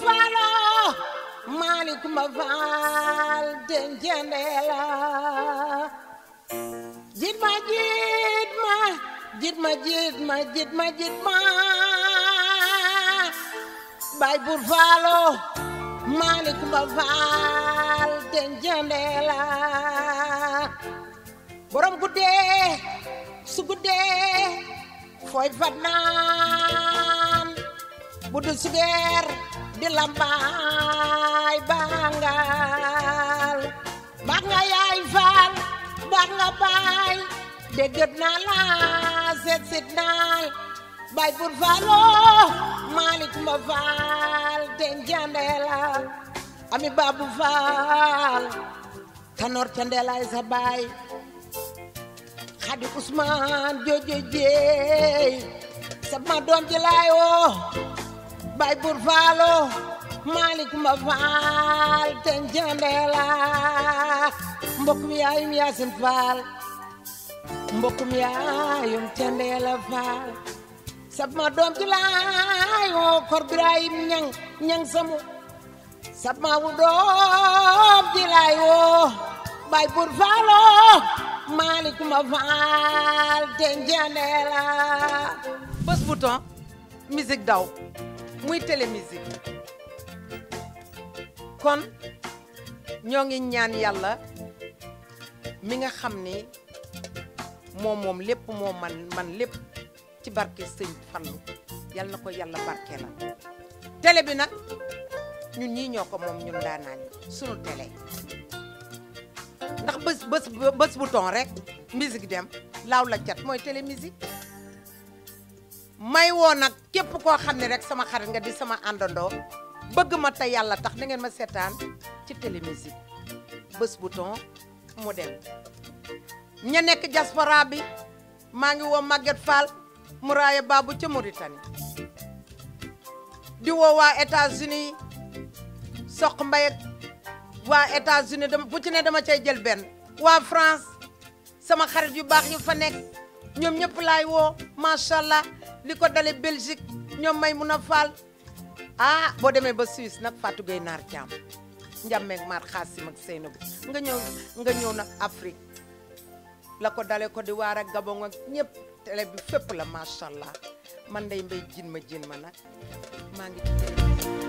Valo, Malik Maval, Denjanela. jit ma jit ma, jit ma jit ma, jit ma jid ma. Bay Burvalo, Malik Maval, Denjanela. Borom guddee, su guddee, fooy fat bu dul sigeer di lambaay bangal baax yaay faal baax nga baay déggat naa la seet naay baay bur faaloo maalik ma faal te njandeela ami baabu faal tanoor candeelaay sa baay xadi usmaan joojojeey sa ma doom ji laay woo bay bur falo malik ma fal ten jandela mbok mi ay mi asen fal mbok mi ayum jandela fal sab ma dom ci lay o kor ibrahim ñang ñang samu sab ma wu dom ci lay o bay bur falo malik ma fal ten jandela bes pourtant musique daw muy télémusique kon ñoo ngi ñaan yàlla mi nga xam ni moom moom lépp moo man man lépp ci barke sëñ Fallu yal na ko yàlla barke la télé bi nag ñun ñii ñoo ko moom ñun daanaan sunu télé ndax bés bés bu ton rek musique dem laaw la cat mooy télé musique may woo nag képp koo xam ne rek sama xarit nga di sama àndandoo bëgg ma tey yàlla tax na ngeen ma seetaan ci télémusique bés bouton mu dem ña nekk diaspora bi maa ngi woo Maguette Fall Mouraye Babou ca Mauritanie di woo waa États-Unis soq mbay waa États-Unis dama bu ci ne dama cay jël benn waa France sama xarit yu baax yu fa nekk ñoom ñëpp laay woo macha allah li ko dale Belgique ñoom may mun a faal ah, boo demee ba Suisse nag Fatou Gueye Naar Thiam njàmmeeg Mar Xaasim ak Seynabou nga ñëw nga ñëw nag Afrique la ko dale ko di waar ak Gabon ak ñëpp télé bi fépp la macha allah man day mbay jiin ma jin ma nag maa ngi